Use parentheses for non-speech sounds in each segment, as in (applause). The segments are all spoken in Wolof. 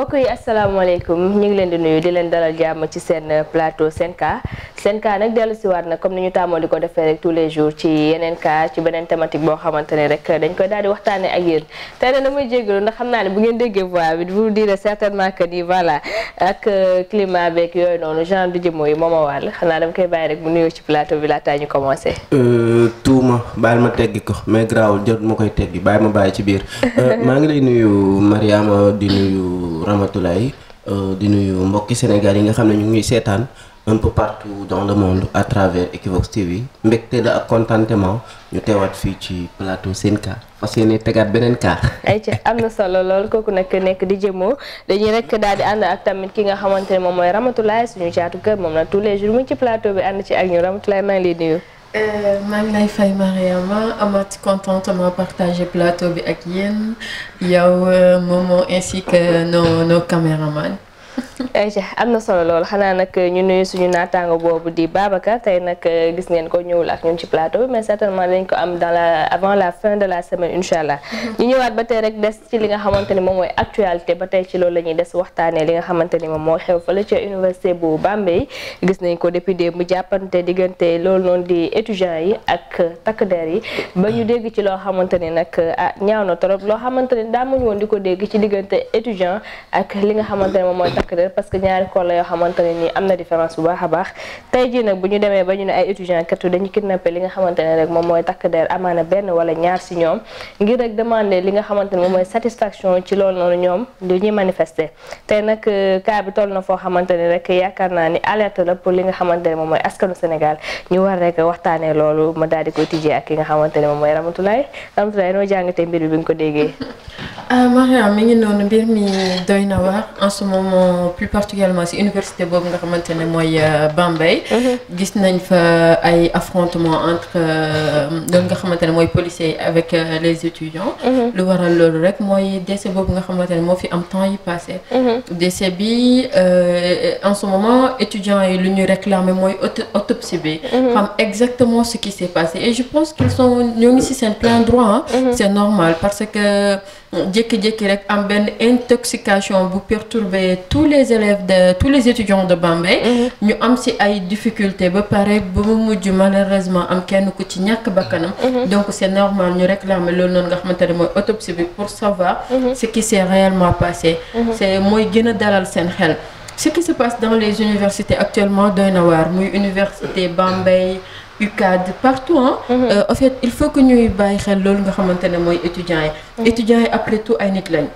mbokk yi asalaamaaleykum ñu ngi leen di nuyu di leen dalal jàmm ci seen euh, plateau Sen Cas seen cas nag dellu siwaat na comme ni ñu tàmmoo di ko defee rek tous les jours ci yeneen cas ci beneen thématique boo xamante ne rek dañ koy daal di waxtaanee ak yéen tey nag damay jégalu ndax xam naa ne bu ngeen déggee voix bi vous dire certainement que ni voilà ak euh, climat beeg yooyu noonu genre du jëmmoo yi moom a wàll xanaa dama koy bàyyi rek bu nuyoo ci plateau bi laataa ñu commencé. Euh, tuuma baal ma teggi ko mais garaawul jot ma koy teggi bàyyi ma bàyyi ci biir euh, (laughs) maa ngi lay nuyu Mariama di nuyu Ramatoulaye di nuyu mbokki Sénégal yi nga xam ne ñu ngi seetaan. un peu partout dans le monde à travers Equivox TV mbégte la ak contentement ñu teewaat fii ci plateau seen kaar fas yéene tegaat beneen kaar. ay ci am na solo lool kooku nag nekk di jëmoo dañuy rek daal di ànd ak tamit ki nga xamante ne moom mooy Ramatoulaye suñu jaatu kër moom na tous les jours mu ci plateau bi ànd ci ak ñu Ramatoulaye maa ngi lay nuyu. Euh, maa lay fay Mariama amati contentement partagé plateau bi ak yéen yow euh, Momo ainsi que nos nos ayca eh, am na solo loolu xanaa nag eh, ñu nuy suñu naataango boobu di Babacar tey nag eh, gis ngeen ko ñëwul ak ñun ci plateau bi mais certainement dañ ko am dala la avant la fin de la semaine incha allah. (laughs) ñu ñëwaat ba tey rek des ci li nga xamante ni mooy actualité ba tey ci loolu la ñuy des waxtaanee li nga xamante ni moom moo xew fële ca université bu Bambey gis nañ ko depuis démb mu jàppante diggante loolu noonu di étudiants yi ak takk der yi ba ñu dégg ci loo xamante ni nag ah ñaaw na trop loo xamante ni daa muñ woon di ko dégg ci diggante étudiant ak li nga xamante ni moom mooy mercredi parce que ñaari kool la yoo xamante ne nii am na différence bu baax a baax tey jii nag bu ñu demee ba ñu ne ay étudiant katu dañu kidnappé li nga xamante ne rek moom mooy takk der amaana benn wala ñaar si ñoom ngir rek demander li nga xamante ne mooy satisfaction ci loolu noonu ñoom li ñuy manifester tey nag euh, cas bi toll na foo xamante ne rek yaakaar naa ni alerte la pour li nga xamante ne moom mooy askanu Sénégal ñu war rek waxtaanee loolu ma daal di ko mooy Ramatoulaye Ramatoulaye noo bi ko déggee ah, Mariam mi ngi noonu mbir mi région plus particulièrement ci université boobu nga xamante ne mooy euh, Bambey. Mhm. gis nañ fa ay affrontement entre euh, loolu nga xamante ne mooy policiers yi avec euh, les étudiants. Mhm. lu waral loolu rek mooy décès boobu nga xamante ne moo fi am temps yi passé. Mhm. décès bi en ce moment étudiants yi lu ñu réclamer mooy autopsie bi. xam exactement ce qui s'est passé et je pense qu'ils sont ñoo ngi ci seen plein droit. c'est normal parce que. jékki-jékki rek am benn intoxication bu perturber tous les élèves de tous les étudiants de bambay mhm. ñu am ci ay difficultés ba pare ba mu mujj malheureusement am kenn ku ci ñàkk bakkanam mhm. donc c'est normal ñu réclamer lool noonu nga xamante ne mooy autopsie bi pour savoir. Mhm. ce qui s'est réellement passé. c'est mooy gën a dalal seen xel. ce qui se passe dans les universités actuellement doy na waar muy université Bambey. UCAD partout ah. Euh, il faut que ñuy bàyyi xel loolu nga xamante ne mooy étudiants yi. Mm-hmm. étudiants yi après tout ay nit lañ.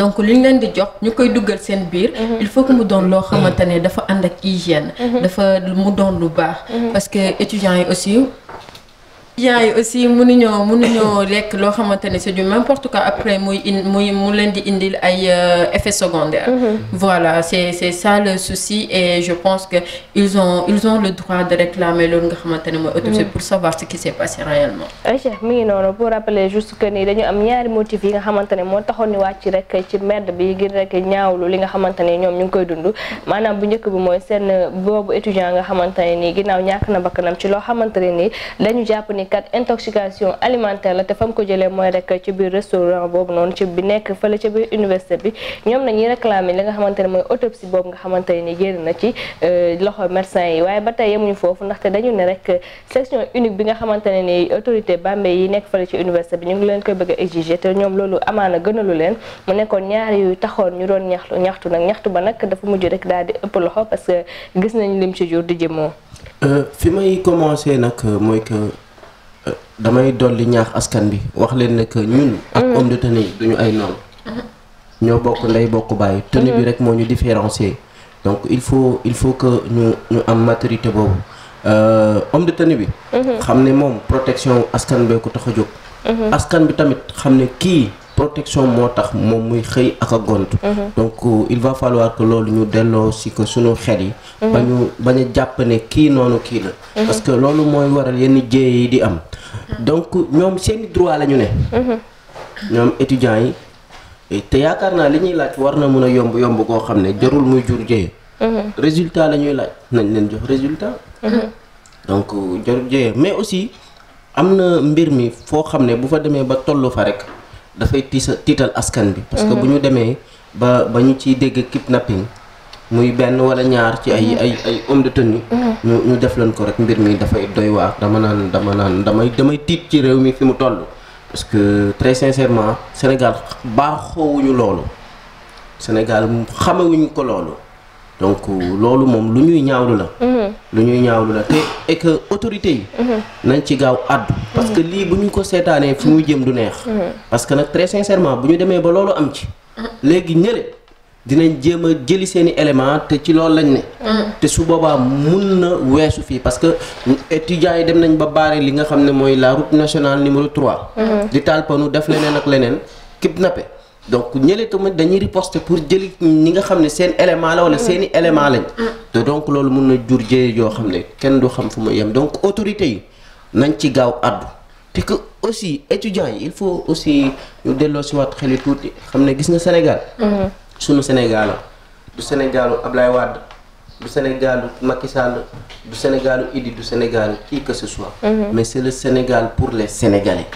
donc li leen di jox ñu koy dugal seen biir. Mm-hmm. il faut que mu doon loo xamante ne dafa ànd ak hygiène. dafa mu doon lu baax. parce que yi aussi. yaay aussi mënuñoo mënuñoo lekk loo xamante ne c'est du n'importe quoi après muy in muy mu leen di indil ay euh, effets secondaires. Mm-hmm. voilà c'est ça le souci et je pense que ils ont ils le droit de réclamer loolu nga xamante ne mm-hmm. ngi noonu pour rappeler juste que ni dañu am ñaari motifs yi nga xamante ne moo taxoon ni wàcc rek ci merde bi ngir rek ñaawlu li nga xamante ne ñoom ñu ngi koy dund maanaam bu njëkk bi mooy seen boobu étudiant nga xamante ne nii ginnaaw ñàkk na bakkanam ci loo xamante ne nii dañu jàpp ni ni kat intoxication alimentaire la te fam ko jëlee mooy rek ci biir restaurant boobu noonu ci bi nekk fële ca biir université bi ñoom nañuy réclamer li nga xamante ne mooy autopsie boobu nga ni génn na ci euh, loxo médecin yi waaye ba tey yemuñu foofu ndaxte dañu ne rek section unique bi nga xamante ne ni autorité Bambey yi nekk fële ci université bi ñu ngi leen koy bëgg a exiger te ñoom loolu amaana gënalu leen mu nekkoon ñaari yu taxoon ñu doon ñaxtu ñaxtu nag ñaxtu ba nag dafa mujj rek daal di ëpp loxo parce que gis nañ lim ci jur di jëmmoo euh, fi may commencer nag euh, mooy que damay dolli ñaax askan bi wax leen ne ñun ak mm. homme de tenue duñu ay noonu ñoo bokk ndey bokk bàyyi tenue bi mm. rek moo ñu différencier donc il faut il faut que ñu ñu am matérité boobu euh, homme de tenue bi mm-hmm. xam ne moom protection askan bee ko tax a jóg mm-hmm. askan bi tamit xam ne kii protection moo tax moom muy xëy ak a gont mm-hmm. donc euh, il va falloir que loolu ñu delloo si que suñu xel yi bañu bañ jàpp ne kii noonu kii la parce que loolu mooy waral yenn jéey yi di am donc ñoom seeni droit la ñu ne. Mhm. ñoom étudiants yi te yaakaar naa li ñuy laaj war na mun a yomb yomb koo xam ne jarul muy jur jëye. Mhm. résultat la ñuy laaj nañ leen jox résultat. Mhm. donc jarul jëye mais aussi am na mbir mi foo xam ne bu fa demee ba tollu fa rek dafay tiisa tiital askan bi. parce que bu ñu demee ba ba ñu ciy dégg kip kidnapping. muy benn wala ñaar ci ay ay ay homme de tenue mm-hmm. ñu ñu def leen ko rek mbir mi dafay doy waar dama naan dama naan damay damay tiit ci réew mi fi mu toll parce que très sincèrement Sénégal baaxoowuñu loolu Sénégal xamewuñu ko loolu donc loolu moom lu ñuy ñaawlu la mm-hmm. lu ñuy ñaawlu la te et que yi mm-hmm. nañ ci gaaw àddu parce que lii bu ñu ko seetaanee fi muy jëm du neex parce que nag très sincèrement bu ñu demee ba loolu am ci léegi ñële dinañ jéem a jëli seeni i te ci loolu lañ ne mm-hmm. te su boobaa mun na weesu fii parce que étudiants yi dem nañ ba baare li nga xam ne mooy la route nationale numéro 3 mm-hmm. di taal panu def leneen ak leneen kidnappé donc ñële tamit dañuy riposter pour jëli ñi nga xam ne seen élément la wala mm-hmm. seen i élément lañ te donc loolu mun na jur jëye yoo xam ne kenn du xam fu ma yem donc autorité yi nañ ci gaaw àddu te ko aussi étudiants yi il faut aussi ñu delloo si waat xel tuuti xam ne gis nga Sénégal sunu Sénégal du Sénégalu Ablaye Wade du Sénégalu Macky Sall du Sénégalu Idi du Sénégal kii que ce soit. Mhm. mais c'est le Sénégal pour les Sénégalais.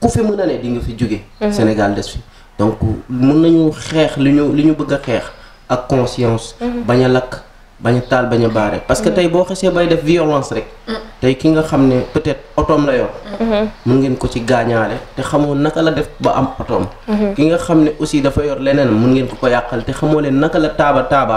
ku fi mën a ne di nga fi jóge. Mhm. Sénégal des fi donc mën nañu xeex li ñu li ñu bëgg a xeex ak conscience. Mhm. bañ a lakk. bañ a taal bañ a baare parce mm. tey boo xasee bay def violence rek mm. tey ki nga xam ne peut-être la yor mun mm. mm-hmm. ngeen ko ci gaañaale te xamoo naka la def ba am otoom mm-hmm. ki nga xam ne aussi dafa yor leneen mun ngeen ko ko yàqal te xamoo leen naka la taaba taaba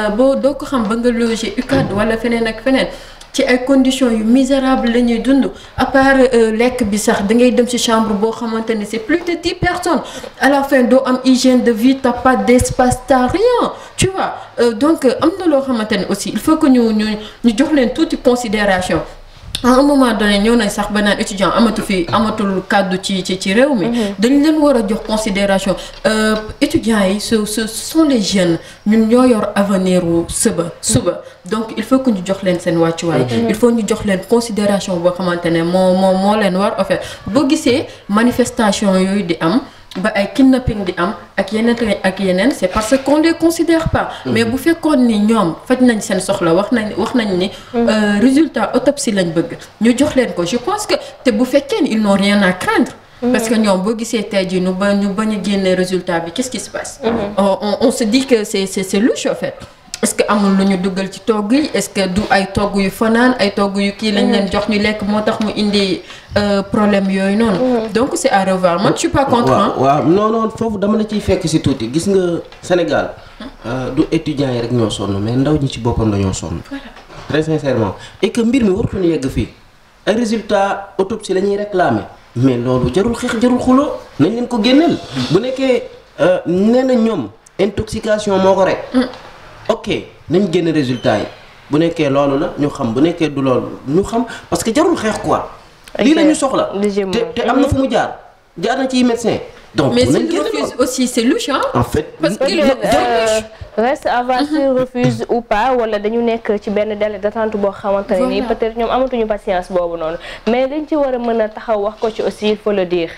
Euh, boo doo ko xam ba nga loger UCAD wala feneen ak feneen ci ay conditions yu misérables la ñuy dund à euh, lekk bi sax da ngay dem ci chambre boo xamante ne c'est plus de dix personnes à la fin doo am hygiène de vie t'as pas d'espace t'as rien euh, donc am na loo xamante ne aussi il faut que ñu ñu ñu jox leen tuuti considération à un moment donné ñëw nañ sax ba naan amatu fi amatul kàddu ci ci ci réew mi. Mhm. dañu leen war a jox considération euh, étudiants yi ce ce sont les jeunes ñun ñoo yor avenir wu suba suba donc il faut que ñu jox leen seen wàccuwaay. Mhm. il faut ñu jox leen considération boo xamante ne moo moo moo leen war en fait boo gisee manifestation yooyu di am. ba ay kidnapping di am ak yeneen ak yeneen c'est parce qu'on ne les considère pas. Mmh. mais bu fekkoon ni ñoom faj nañ seen soxla wax nañ wax nañ ni. Mmh. Euh, résultat autopsie lañ bëgg ñu jox leen ko je pense que te bu fekkee ni ils n'ont rien à craindre. Mmh. parce que ñoom boo gisee tey jii nu ba ñu bañ a génne résultat bi qu'est-ce qui se passe. on on se dit que c'est c'est c'est est que amul lu ñu dugal ci togg yi est-ce que du ay togg yu fanaan ay togg yu kii lañ leen mhm. jox ñu lekk moo tax mu indi euh, problème yooyu noonu. Mhm. donc c'est à revoir man je suis pas contre. waaw waaw non foofu dama la ciy fekk si tuuti gis nga Sénégal euh, du étudiants yi rek ñoo sonn mais ndaw ñi ci boppam dañoo sonn. très sincèrement et mbir mi wartu ñu yegg fii ay résultat autopsie la ñuy réclamer mais loolu jarul xeex jarul xuloo nañ leen ko génneel. bu nekkee euh, nee ñoom intoxication moo rek. Mm. ok nañ génn résultat yi bu nekkee loolu la ñu xam bu nekkee du loolu ñu xam parce que jarul xeex quoi. lii la ñu soxla te te am na fu mu jaar jaar na ci médecin. donc mais s'il refuse aussi c'est louche hein. en fait parce que reste à voiture mhm. refuse ou pas wala dañu nekk ci benn délai d'attente boo xamante ne nii peut ñoom amatuñu patience boobu noonu mais dañ ci war a mën a taxaw wax ko ci aussi il faut le dire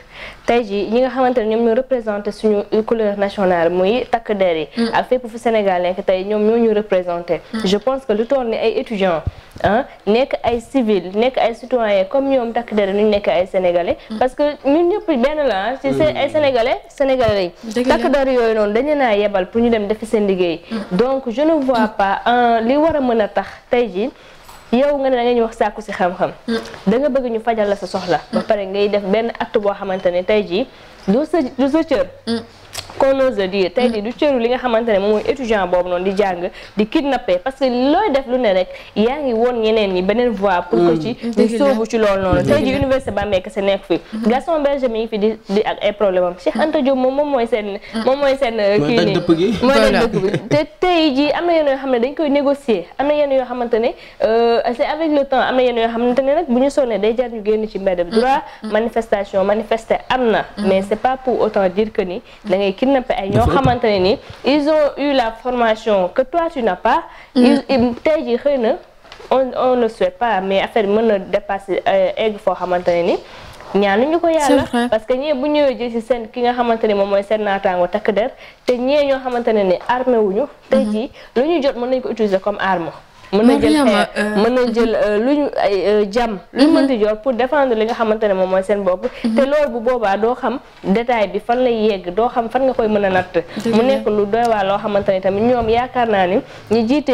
tey jii ñi nga xamante ne ñoom ñu représenté suñu couleur nationale muy takk der yi mm. ak fépp fu Sénégal nekk tey ñoom ñoo ñu représenté mm. je pense que lu toll ni ay étudiants ah, nekk ay civil nekk ay citoyen comme ñoom takk der ñu nekk ay sénégalais mm. parce que ñun ñëpp benn la ah, ci ay sénégalais sénégalais lañ takk der naa yebal pour ñu dem defi seen liggéey donc je ne vois pas euh, li war a mën a tax tey jii yow nga ne da nga ñu wax sàkku si xam-xam da bëgg ñu fajal la sa soxla ba pare ngay def benn acte boo xamante ne tey jii du sa du sa cër qu'on ose dire tey jii du cëru li nga xamante moom mooy étudiant boobu noonu di jàng di kidnappé parce que looy def lu ne rek yaa ngi woon ñeneen ñi beneen voie pour que ci ñu mm. sóobu ci loolu noonu tey jii université Bambey kese nekk fi mm-hmm. Gaston Berger mi ngi di ak ay problème am Cheikh Anta moom moom mooy seen ah. moom mooy seen uh, kii nii dañ koy négocier am na yenn yoo xamante ne uh, avec le temps am na yenn yoo xamante bu ñu sonnee day jar ñu génn ngay kidnapper ay ñoo xamante ne ni ils ont eu la formation que toi tu n'as pas. Mm. tey jii xëy na on on ne souhaite pas mais affaire mën na dépasser euh, egg foo xamante ne ni. ñu ko yàlla parce que ñee bu ñëwee jël ci seen ki nga xamante ni moom mooy seen naataango takk der te ñee ñoo xamante ne ni armé wuñu. tey mm-hmm. jii lu ñu jot mën nañ ko utiliser comme arme. mën na jël euh, mën na jël mhm. euh, lu ñu ay euh, jàmm lu mhm. mën di jor pour défendre li nga xamante ne moom mooy seen bopp mhm. te loolu bu boobaa doo xam détail bi fan la yegg doo xam fan nga koy mën a natt mu nekk lu doy waa loo xamante ne tamit ñoom yaakaar naa ni ñi jiite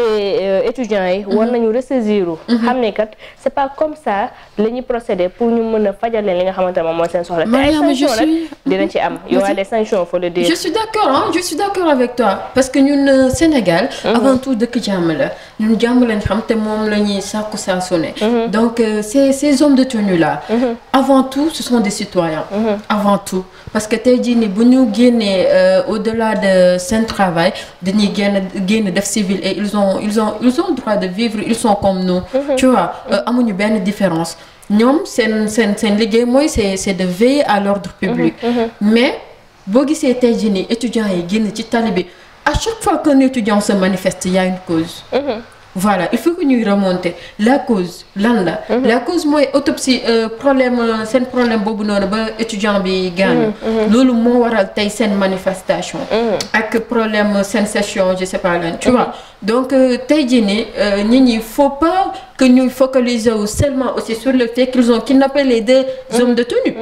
étudiants yi war nañu ressaisir xam ne kat c'est pas comme ça la ñuy procéder pour ñu mën a fajal leen li nga xamante ne moom mooy seen soxla te ay sanctions nag dina ci am yow des sanctions faut le dire je suis d'accord parce que ñun Sénégal avant tout dëkk jàmm la lañ xam te moom la ñuy sàkku saa su mhm. donc euh, ces hommes de tenue là mhm. avant tout ce sont des citoyens mhm. avant tout parce que tey jii nii bu ñu génnee euh, au-delà de seen travail dañuy génn génn def civil et ils ont ils droit de vivre ils sont comme nous tu vois euh, amuñu benn différence ñoom seen seen seen liggéey mooy c'est c'est de veiller à l'ordre public mais boo gisee tey jii nii étudiants yi génn ci tali bi à chaque fois qu'un étudiant se manifeste il y a une cause. voilà il faut que ñuy remonter la cause lan la. Mhm. la cause mooy autopsie euh, problème euh, seen problème boobu noonu ba étudiant bi gaañu. Mhm, mhm. loolu moo waral tey seen manifestation. ak problème euh, seen session je sais pas lan tu donc tey jii nii nit ñi faut pas que ñuy focaliser wu seulement aussi sur le fait qu'ils ont kidnappé les deux hommes de tenue.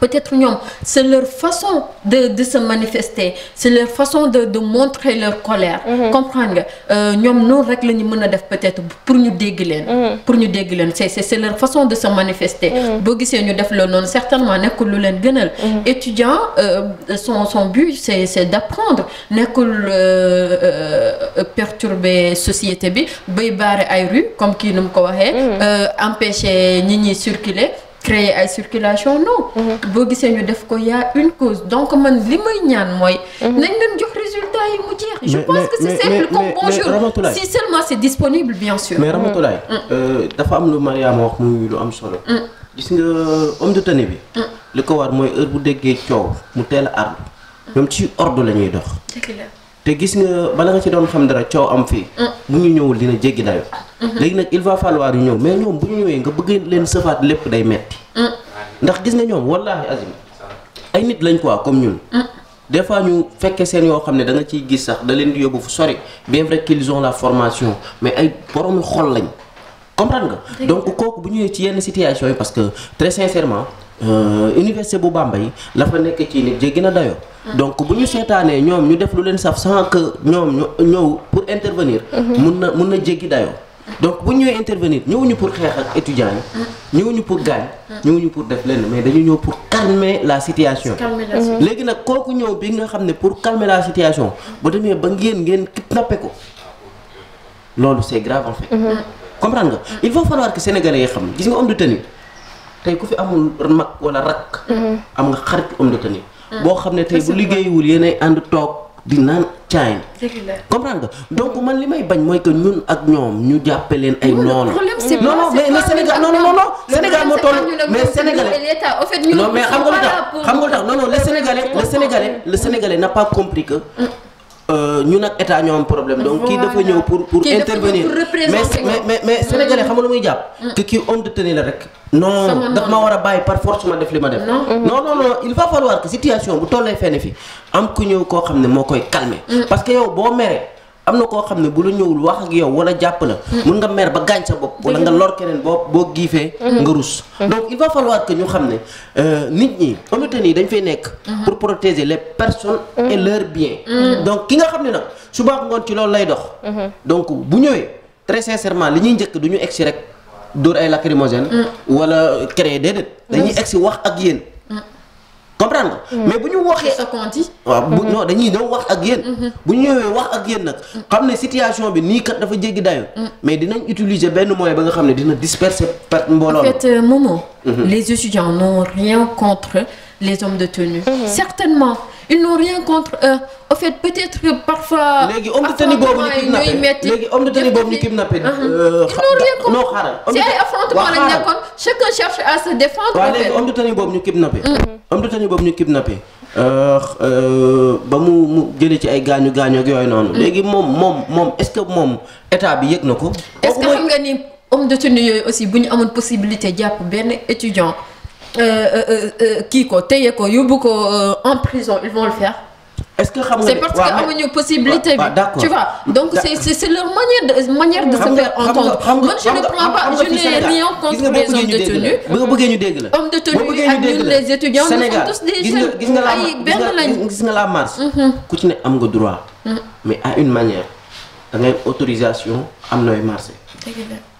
peut-être ñoom c'est leur façon de de se manifester c'est leur façon de de montrer leur colère mm-hmm. comprendre nga euh, ñoom noonu rek la ñu mën a def peut-être pour ñu dégg leen mm-hmm. pour ñu dégg leen c'est c'est leur façon de se manifester mm-hmm. boo gisee ñu def la noonu certainement nekkul lu leen gënal étudiant euh, son son but c'est c'est d'apprendre nekkul euh, perturber société bi bay baare ay rue comme kii nu mu ko waxee empêcher ñi ñuy circuler créer ay circulation non. Mhm. boo gisee ñu def ko y a une cause donc man li may ñaan mooy. Mhm. nañ leen jox résultat yi mu jeex. je pense que c'est disponible bien sûr. mais Ramatoulaye. Mm. Mm. Euh, dafa am lu Mariama wax muy lu am solo. Mm. gis nga homme de tenue bi. li ko war mooy heure bu déggee coow mu teel a ardu. ñoom ci ordre la ñuy dox. te gis nga bala nga ci doon xam dara coow am fii. bu mm. ñu ñëwul dina jéggi dayo mm-hmm. léegi nag il va falloir yu ñëw mais ñoom bu ñu ñëwee nga bëgg leen sëfaat lépp day metti mm. ndax gis nga ñoom wallaahi azim ay nit lañ quoi comme ñun. Mm. des fois ñu fekkee seen yoo xam ne da nga ciy gis sax da leen di yóbbu fu sori bien vrai qu'ils la formation mais ay boroomi xol lañ comprendre nga. donc kooku bu ñu ñëwee ci yenn situation yi parce que très sincèrement. Euh, université bu Bambey la fa nekk ci nit jéggi na dayoo. donc bu ñu seetaanee ñoom ñu def lu leen saf sans que ñoom ñu ñëw pour intervenir. Mhm. mun na mun na jéggi dayoo. donc bu ñu ñëwee intervenir ñëwuñu pour xeex ak étudiants yi. Ah. ñëwuñu pour gaañ. Ah. ñëwuñu pour def lenn mais dañu ñëw pour calmer la situation. léegi nag kooku ñëw bi nga xam ne pour calmer la situation bu demee ba ngeen ngeen kidnappé ko loolu c'est grave en fait. Mhm. comprendre nga ah. il faut falloir que sénégalais yi xam gis tey ku fi amul mag wala rakk. Mm-hmm. am nga xarit homme de tenue. boo xam ne tey bu liggéeyul yéenay ànd toog di naan caay. comprendre nga donc mm-hmm. man li may bañ mooy que ñun ak ñoom ñu jàppe leen ay noonu. non non mais Sénégal non non non Sénégal moo toll mais Sénégalais non mais xam nga lu tax xam nga lu tax non non le Sénégalais le n'a pas compris que. Mm-hmm. Euh, ñu nag état ñoo am problème donc kii dafa ñëw pour pour intervenir mais mais mais sénégalais xam nga lu muy jàpp mm. que kii homme de tenue la rek non daf ma war a bàyyi par force ma def li ma def non non il va falloir que situation bu tollee fenn fi am ku ñëw koo xam ne moo koy calmer mm. parce que yow boo meree am na koo xam ne bu la ñëwul wax ak yow wala jàpp la. Mm. mun nga mer ba gaañ sa bopp. wala nga lor keneen bopp boo giifee. Mm-hmm. nga rus. Mm-hmm. donc il va falloir que ñu xam ne euh, nit ñi honnêtement nii dañ fee nekk. Mm-hmm. pour protéger les personnes. et leurs bien donc ki nga xam ne nag su baax ngoon ci loolu lay dox. donc bu ñëwee très sincèrement li ñuy njëkk du ñu egsi rek dóor ay lacrymogène. Mm. wala créer déedéet. dañuy egsi wax ak yéen. comprendre nga. Mm. mais bu ñu waxee sa compte waaw bu mm-hmm. non dañuy ñëw wax ak yéen. Mm-hmm. bu ñu ñëwee wax ak yéen nag. xam ne situation bi nii kat dafa jéggi dayo mm. mais dinañ utiliser benn moyen ba nga xam ne dina disperser perte mbooloo. en fait euh, Momo. Mm-hmm. les étudiants n'ont rien contre les hommes de tenue. certainement. ils n'ont rien contre eux au fait peut-être que parfois. léegi homme de tenue boobu ñu kidnappé léegi homme de tenue boobu ñu kidnappé. Euh, à se défendre. boobu ñu kidnappé. Mm-hmm. homme de boobu ñu kidnappé. Euh, euh, ba mu mu jëlee ci ay gaañu gaañu yooyu noonu. Mm. léegi moom moom moom est-ce que moom état bi yëg na ko. est-ce que xam nga ni homme de tenue yooyu aussi bu ñu amoon possibilité jàpp benn étudiant. Euh, euh, euh, kii ko téye ko yóbbu ko en prison ils vont le faire. est-ce que xam nga c'est parce que amuñu possibilité bi tu vois donc c'est c'est leur manière de manière de se faire entendre man je ne prends pas je n'ai rien contre les hommes de tenue bu nga bëggee ñu dégg la hommes de tenue ak gis nga ay benn gis nga la marche mm-hmm. ku ci ne am nga droit mm-hmm. mais à une manière da autorisation am nooy marché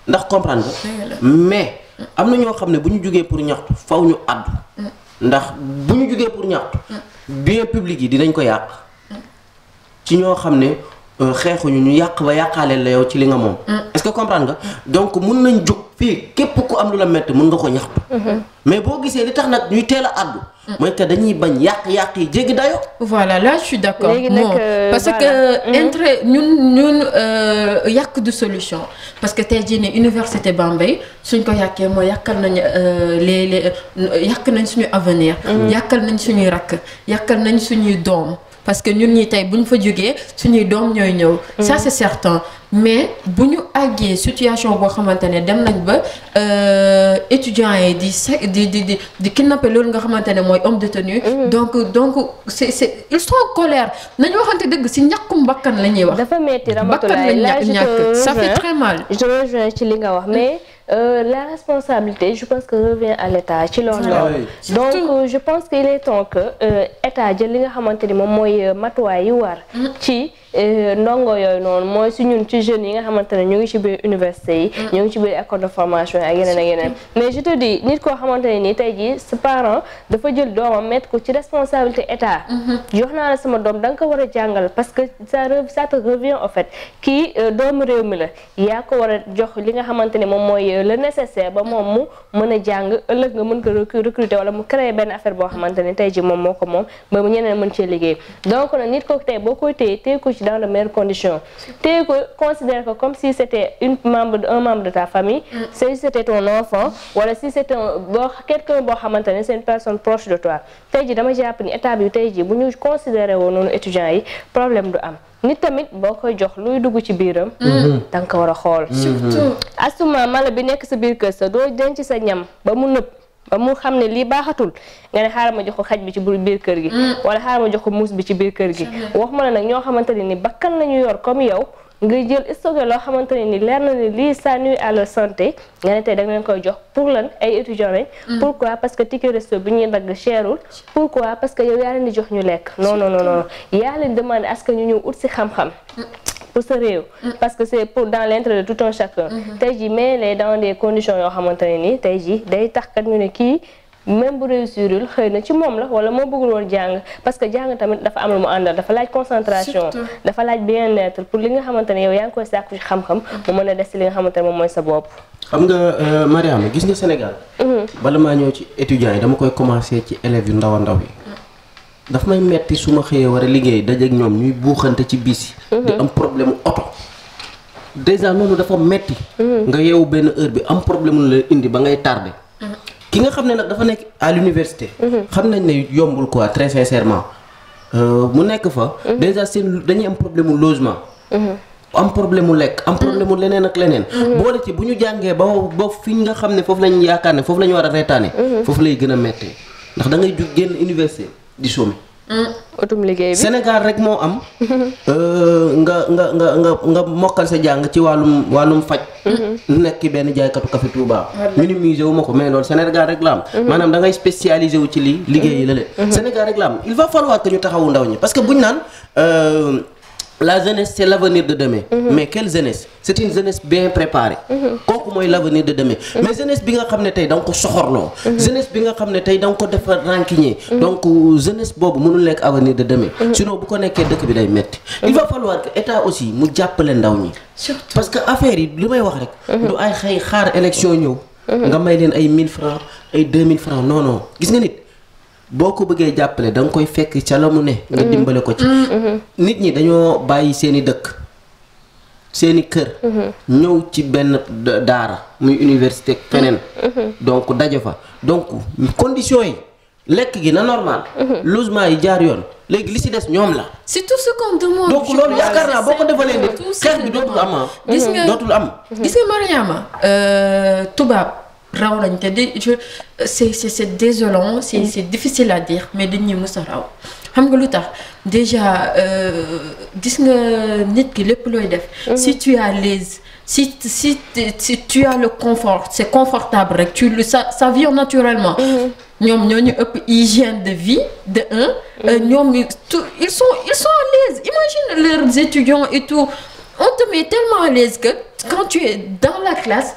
ndax comprendre nga mais am na ñoo xam ne bu ñu jugee pour ñaxtu faw ñu àddu ndax bu ñu jugee pour ñaxtu mm. bien public yi dinañ ko yàq ci ñoo xam ne Euh, xeexuñu ñu yàq ba yàqaaleel la yow ci li nga moom. Mm. est-ce que comprendre nga. donc mun nañ jóg fii képp ku am lu la métti mun nga ko ñaxtu. Mm-hmm. mais boo gisee li tax nag ñuy teel a àddu. Mm. mooy que dañuy bañ yàq-yàq yi jéggi dayo voilà là je suis d'accord moom euh, parce que mm-hmm. entre ñun ñun euh, yàq du solution parce que tey jii ne université Bambey suñ ko yàqee mooy yàqal nañ les les yàq nañ suñu avenir. Mm-hmm. yàqal nañ suñuy rakk yàqal nañ suñuy doom. parce que ñun ñi tey bu ñu fa jógee suñuy doom ñooy ñëw. ça mm. c'est certain mais bu ñu àggee situation boo xamante ne dem nañ ba euh, étudiants yi di di di di di kidnappé loolu nga xamante ne mooy homme de tenue. Mm. donc donc c'est c'est ils sont colère nañu waxante dëgg si ñàkkum bakkan la ñuy wax. dafa metti Ramatulaye ñàkk ça fait très mal. li nga wax mm. mais. Euh, la responsabilité je pense que revient à l'État ci loolu la donc euh, je pense qu'il est temps que euh, État jël li nga xamante ni moom mooy euh, matuwaay yi war mm. ci Euh, ndongo yooyu noonu mooy si ñun ci jeunes yi nga xamante ne ñu ngi ci biir université yi mm. ñu ngi ci biir école de formation yi ak yeneen ak yeneen mais je nit ko mm-hmm. jox naa sama doom da nga ko war a jàngal parce que ça ça te revient en fait kii euh, doomu réew mi la yaa ko war a jox li nga xamante ne moom mooy euh, le nécessaire ba moom mu mën a jàng ëllëg nga mën ko recruter wala mu créer benn affaire boo xamante ne tey jii moom moo ko moom ba ñeneen mën cee liggéey donc nag koy ci dans de meilleures conditions téye ko considère ko comme si c'était une membre un membre de ta famille mm. si c'était ton enfant wala si c'était boo quelqu'un boo xamante ne une personne proche de toi tey ji dama jàpp ni état bi tey ji bu ñu considéré woon noonu étudiants yi problème du am nit tamit boo koy jox luy dugg ci biiram mm. mm-hmm. da nga ko war a xool surtout asuma bi nekk sa biir kër sa doo denc sa ñam ba mu nëb ba mu xam ne lii baaxatul nga ne xaaral ma jox ko xaj bi ci biir kër gi. Mm. wala xaaral ma jox ko muus bi ci biir kër gi. wax ma la nag ñoo xamante ne ni bakkan la ñu yor comme yow. nga jël stocké loo xamante ne ni leer na ne lii ça nuit à la santé nga ne tey da nga koy jox pour lan ay étudiants lañ. Mm. pourquoi parce que ticket resto bi ñuy dagg cherul. pourquoi parce que yow yaa leen di jox ñu lekk. non non non non yaa leen demandé à que ñu ñëw ut si xam-xam. Mm. pour sa réew mm. parce que c'est pour dans l'intérêt de tout un chacun mm-hmm. tey jii mais les dans des yoo xamante ne nii tey jii day tax kat ñu ne kii même bu réussirul xëy na ci moom la wala moo bëggul woon jàng parce que jàng tamit dafa am lu mu àndal dafa laaj concentration dafa laaj bien-être pour li nga xamante ne yow yaa ngi koy sàkku ci xam-xam mm-hmm. mu mën a des ci li nga xamante ne moom mooy sa bopp xam nga euh, Mariama gis nga Sénégal mm-hmm. bala maa ñëw ci étudiants yi dama koy commencer ci élèves yu ndaw dafa may metti suma xëyee war a liggéey dajeek ñoom ñuy buuxante ci bis yi. Mhm. di am problème oto. dèjà loolu dafa metti mhm. nga yeewu benn heure bi am problème lu la indi ba ngay tardé. Mhm. ki nga xam ne nag dafa nekk à xam nañ ne yombul quoi très sincèrement. Euh, mu nekk fa. dèjà seen dañuy am problème mu logement. am problème mu lekk am problème mu leneen ak leneen. boole ci bu ñu jàngee ba ba fi nga xam ne foofu lañ yaakaar ne foofu la ñu war a reetaane. foofu lay gën a méttee ndax da ngay jug génn université. di solu utum liggéey bi Sénégal rek moo am. (laughs) Euh, nga nga nga nga nga mokkal sa jàng ci wàllum wàllum faj. Mhm. nekk benn jaaykatu café Touba. ñu ni musée wu ma ko mais loolu Sénégal rek la am. Mhm. maanaam da ngay spécialisé wu ci lii liggéey la le mhm. Sénégal rek la am il va falloir que ñu taxawu ndaw ñi parce que buñ naan. Euh, la jeunesse c' est l' avenir de demain. Mm-hmm. mais quelle jeunesse c' est une bien préparée. Mm-hmm. kooku mooy l' de demain. Mm-hmm. mais jeunesse bi nga xam ne tey da nga ko soxorloo. jeunesse bi nga xam ne tey da nga ko defar rancunier. donc jeunesse boobu mënul nekk avenir de demain. sinon bu ko nekkee dëkk bi day metti il va falloir que état aussi mu jàppale ndaw ñi. surtout parce que affaire yi li may wax rek. du ay xëy xaar élection ñëw. nga may leen ay mille francs ay 2000 francs non gis nga ni boo ko bëggee jàppale danga koy fekk ca la mu ne. nga mm-hmm. dimbale ko ci. Mm-hmm. nit ñi dañoo bàyyi seeni dëkk seeni kër. Mm-hmm. ñëw ci benn daara muy université feneen. donc daje fa donc condition yi lekk gi na normal. logement yi jaar yoon léegi li ci des ñoom la. c'est tout ce qu'on demande. donc loolu yaakaar naa boo ko defalee nit xeex bi dootul am ah. gis nga dootul am. gis nga Mariama euh, tubaab. raw lañ te di je c'est c'est désolant c'est mm. c'est difficile à dire mais dañ ñuy raw xam nga lu tax déjà euh, gis nga nit ki lépp looy def. Mm-hmm. si tu es à l'aise si tu as le confort c'est confortable rek tu le ça ça vient naturellement. Mm-hmm. ñoom ñoo ñu ëpp hygiène de vie de un. Euh, mm-hmm. ñoom tout ils sont ils sont imagine leurs étudiants et tout on te tellement à que quand tu es dans la classe.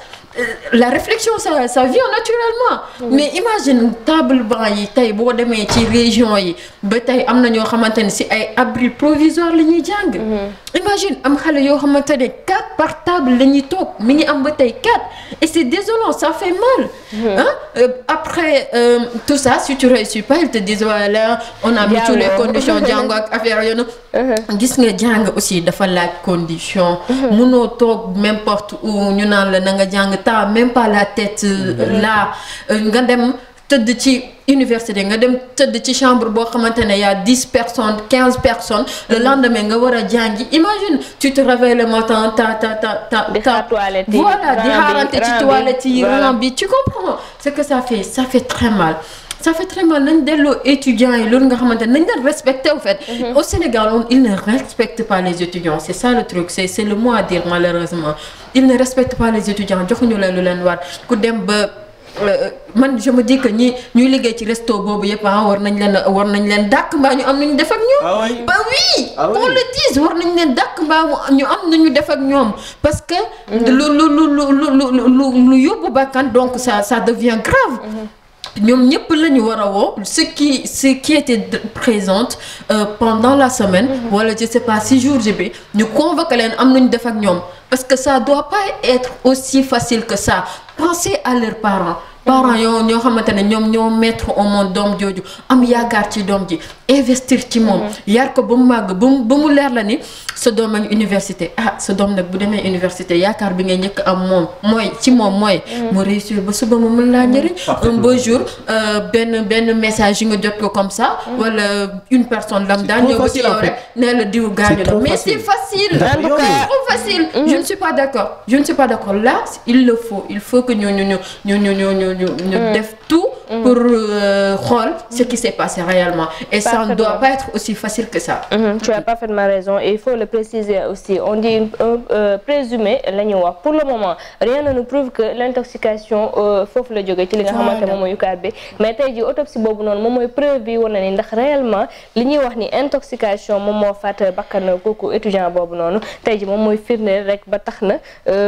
la réflexion ça ça vient naturellement. Mmh. mais imagine table banc yi tey boo demee ci région yi ba tey am na ñoo xamante ne si ay abri provisoire la ñuy jàng. Mhm. imagine am xale yoo xamante ne quatre par table la ñuy toog mi ngi am ba tey quatre et c'est désolant ça fait mal. Mmh. Euh, après euh, tout ça si tu réussis pas ils te disent voilà on a mis toutes (laughs) jàng ak affaire yoonu. Mhm. gis nga jàng aussi dafa laaj condition. Mhm. munoo toog n'importe où ñu naan la na jàng. temps même pas la tête euh, là euh, nga dem tëdd ci université nga dem tëdd ci chambre boo xamante ne y a dix personnes quinze personnes le mm-hmm. lendemain nga war a jàngi imagine tu te réveilles le matin ta ta ta ta ta voilà di xaarante ci toilette yi rang bi tu comprends ce que ça fait ça fait très mal ça fait très mal nañ delloo étudiants yi loolu nga xamante ne nañ leen respecté au fait. Mhm. au Sénégal on il ne respecte pas les étudiants c'est ça le truc c'est c'est le mot à dire malheureusement il ne respecte pas les étudiants joxuñu leen lu leen war ku dem ba. Euh, man je me dis que ñi ñuy liggéey ci resto boobu yëpp ah war nañ leen war nañ leen dàkk mbaa ñu am nu ñu def ak ñoom. Ah ba ah oui. qu'on le dise war nañ leen dàkk mbaa ñu am nu ñu def ak ñoom parce que. Mhm. lu lu lu lu lu lu yóbbu bakkan donc ça ça devient grave. Mhm. ñoom ñëpp la ñu war a woo ce qui ce qui était présente euh, pendant la semaine mm-hmm. wala voilà, je sais pas si jour ji bi ñu convoqué leen am nañu def ak ñoom parce que ça doit pas être aussi facile que ça pensez à leurs parents parents yoo ñoo xamante ne ñoom ñoo mettre au monde doom jooju am yaakaar ci doom ji investir ci moom. Mm-hmm. yar ko ba mu màgg ba mu ba mu leer la ni sa doom ak université ah sa doom nag bu demee université yaakaar bi ngay njëkk am moom mooy ci moom mooy. Mm-hmm. mu réussir ba suba mu mun laa njëriñ. Mm-hmm. un beau jour euh, benn benn message yi nga jot ko comme ça. wala une personne lambda ñëw ba ci yow rek nee la diw gaañu la mais c'est facile. en tout cas trop facile. je ne suis pas d'accord ñu ñu euh. def tout Mm. pour euh, xool ce qui s'est passé réellement. et ça ne doit pas mm-hmm. parfaitement raison il faut le préciser aussi on dit euh, euh, présumé la ñuy wax pour le moment rien ne nous prouve que l'intoxication foofu la jóge ci li nga xamante moom mooy UCAD bi mais tey jii autopsie boobu noonu moom mooy preuve bi wane ni ndax réellement li ñuy wax ni intoxication moom moo faat bakkan kooku étudiant boobu noonu tey jii moom mooy firndeel rek ba tax na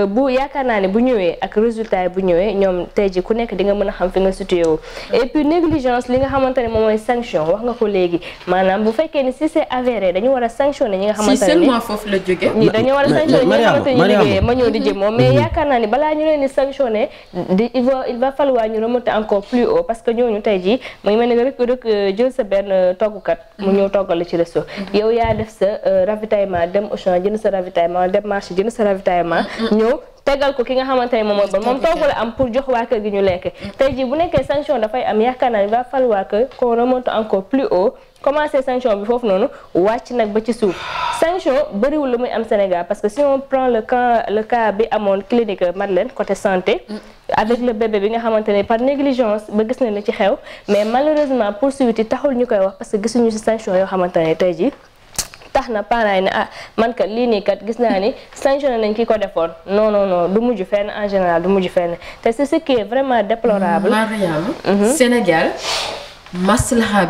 bu yaakaar naa ne bu ñëwee ak résultat bu ñëwee ñoom tey jii ku nekk di nga mën a xam fi nga situé wu et négligence li nga xamante ne moom mooy sanction wax nga ko léegi maanaam bu fekkee ni si c'est avéré dañu war a sanctionné ñi nga xamante ne si seulement foofu la ñi dañu a sanctionné ñi nga ma ñëw di jëm moom mais mm-hmm. yaakaar naa ni balaa ñu leen di sanctionné di il va il va falloir ñu remonter encore plus haut parce que ñooñu tey jii muy mel ni nga rek rek euh, jël sa benn euh, toggukat mu mm-hmm. ñëw toggal la ci la so mm-hmm. yow yaa def sa euh, ravitaillement dem Auchan jënd sa ravitaillement dem marché jënd sa ravitaillement ñëw tegal ko ki nga xamante ne moom mooy bon moom toogu am pour jox waa kër gi ñu lekk mm. tey jii bu nekkee sanction dafay am yaakaar naa va falloir que qu'on remonte encore plus haut commencer sanction bi foofu noonu wàcc nag ba ci suuf sanction bëriwul lu muy am Sénégal parce que si on prend le cas le cas bi amoon clinique Madeleine côté santé mm. avec le bébé bi nga xamante ne par négligence ba gis na la ci xew mais malheureusement poursuite yi taxul ñu koy wax parce que gisuñu si sanction yoo xamante ne tey jii tax na parents ni ah man kat lii nii kat gis naa ni sanctionné nañ ki ko defoon non non non du mujj fenn en général du mujj fenn te c'est ce qui est vraiment déplorable. Mariam Sénégal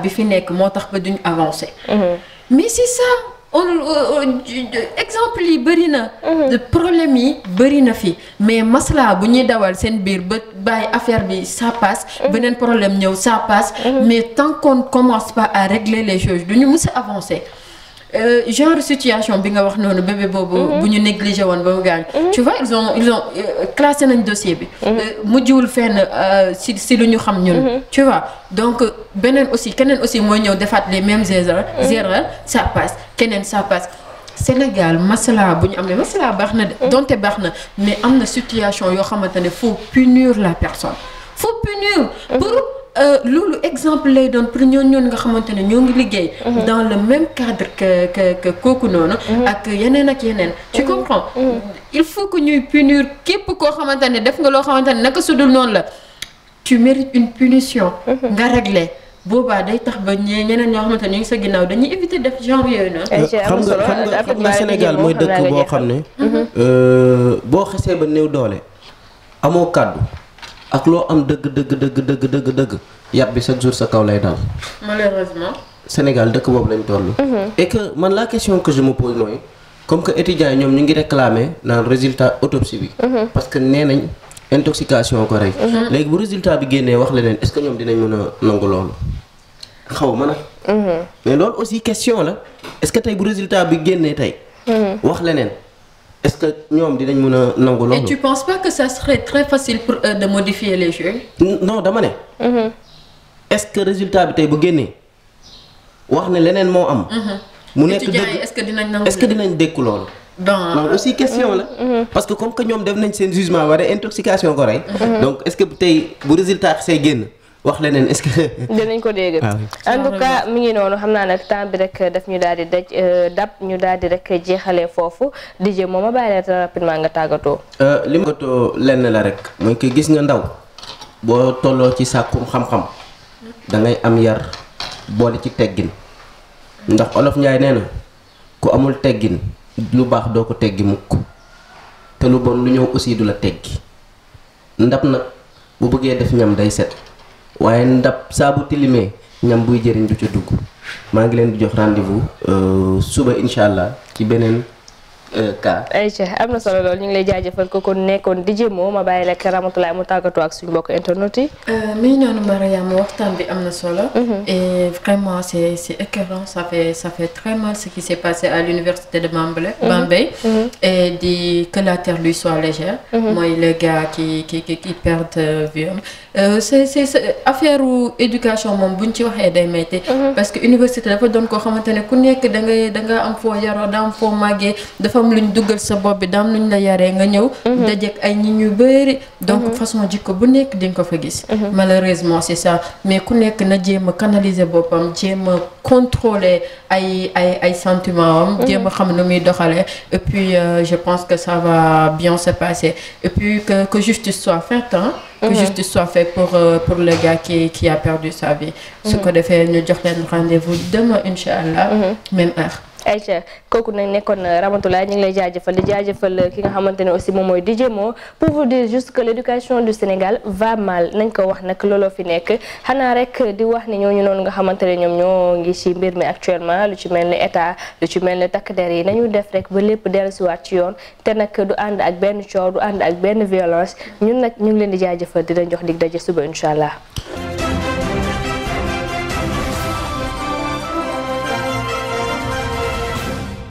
bi fi nekk moo tax ba duñ avancé. Mhm. mais c'est ça euh, euh, exemple yi bëri na. Mhm. problème yi bëri na fi mais maslaa bu ñuy dawal seen biir ba bàyyi affaire bi ça passe. Mhm. beneen problème ñëw ça passe. mais tant qu'on commence pas à régler les choses duñu mës a avancer. Euh, genre situation bi nga wax noonu bébé boobu. Mhm. bu ñu négligé woon ba mu gaañ. Mhm. tu vois ils ont ils ont euh, classé nañ dossier bi. Mhm. Euh, mujjiwul fenn si si lu ñu xam ñun. tu vois donc beneen aussi keneen aussi mooy ñëw defaat les mêmes erreurs. erreurs ça passe keneen ça passe. Sénégal masala bu ñu am ne masala baax na de donte baax na mais am na situation yoo xamante ne faut punir la personne faut punir pour Euh, loolu exemple lay doon pour ñoon nga xamante ne ñoo ngi liggéey. Mhm. dans le même cadre que que que kooku noonu. Mhm. ak yeneen ak yeneen. tu mhm. comprends. il faut que ñuy punir képp koo xamante ne def nga loo xamante ne naka sudul noonu la tu mérites une punition. nga regle boobaa day tax ba ñeneen ñoo xamante ne ñu ngi sa ginnaaw dañuy éviter def genre yooyu noonu. Eh, xam nga xam nga Sénégal mooy dëkk boo xam ne. Euh, boo xasee ba néew doole amoo kàddu. ak loo am dëgg dëgg dëgg dëgg dëgg dëgg yàpp bi chaque jour sa kaw lay dal. malheureusement. Sénégal dëkk boobu lañ toll. Mhm. et que man laa question que je me pose mooy comme que étudiants yi ñoom ñu ngi réclamer naan résultat autopsie bi. Mhm. parce que nee nañ intoxication ko rey. Mhm. léegi bu résultat bi génnee wax leneen est que ñoom dinañ mën a nangu loolu xaw ma na. mais loolu aussi question la est-ce que tey bu résultat bi génnee tey. wax leneen. est-ce que ñoom dinañ mën a nangu loolu. et que ça serait très facile pour les jeux. non dama ne. Mhm. est-ce que résultat bi tey bu génnee wax ne leneen moo am. Mhm. mu nekk dëgg est-ce que dinañ nangu est-ce que dinañ dékku loolu. donc euh, aussi question la. Mhm. parce que comme que ñoom def nañ seen jugement wala intoxication ko rey. donc est-ce que tey bu résultat xasee génn. wax leneen est-ce que. (laughs) dinañ ko dégg. Ah, en tout mu mi ngi noonu xam naa nag temps bi rek daf ñu daal di daj euh, dab ñu daal di rek jeexalee foofu di je moom a bàyyi la rapidement nga tàggatoo. Euh, li ma lenn la rek mooy que gis nga ndaw boo tolloo ci sàkkum xam-xam am yar boole ci teggin ndax olof Njaay nee na ku amul teggin lu baax doo ko teggi mukk te lu bon lu ñëw aussi du la teggi ndab na bu bëggee def ñam day set. waaye ndab saa bu tilimee ñam buy jëriñ du ca dugg maa ngi leen di jox rendez-vous euh, suba incha allah ci beneen. E Ka. ayca am na solo lool ñu ngi lay jaajëfal ko kon nekkoon di jëmoo ma bàyyi la ak Ramatoulaye mu tàggatoo ak suñu mbokk internet yi. Euh, mi noonu Mariam waxtaan bi am na solo. Mhm. et vraiment c' est c' est écœurant s' est passé à l'université de mhm. Bambey. Mhm. que la terre lui soit légère. mooy les gars qui qui qui, qui perdent euh, vie am euh, c' est c' est affaire éducation moom bu buñ ci waxee day metti. parce que université dafa doon koo xamante ne ku nekk da ngay am foo yaroo da am foo màggee dafa. lu ñu duggal sa bopp bi daam ñu la yaree nga ñëw mhm. dajeek ay nit ñu bëri donc mhm. façon jikko bu nekk di nga ko fa gis mhm. malheureusement c'est ça mais ku nekk na jéem a canaliser boppam jéem a contrôler ay ay ay sentiments jéem a xam nu muy doxalee et puis euh, je pense que ça va bien se passer et puis que que justice soit faite hein que mm -hmm. justice soit pour euh, pour le gars qui qui a perdu sa vie su ko defee ñu jox leen rendez-vous demain incha allah. Mm -hmm. heure Aïcha kooku nañ nekkoon euh, Ramatoulaye ñu ngi lay jaajëfal di jaajëfal euh, ki nga xamante ne aussi moom mooy DJ Mo pour vous dire juste que l'éducation du Sénégal va mal nañ ko wax nag looloo fi nekk xanaa rek euh, di wax ni ñooñu noonu nga xamante ne ñoom ñoo ngi ci mbir mi actuellement lu ci mel ni état lu ci mel ni takk der yi nañu def rek ba lépp dellusiwaat ci yoon te nag du ànd ak benn coow du ànd ak benn violence ñun nag ñu ngi leen di jaajëfal di leen jox dig daje suba incha allah.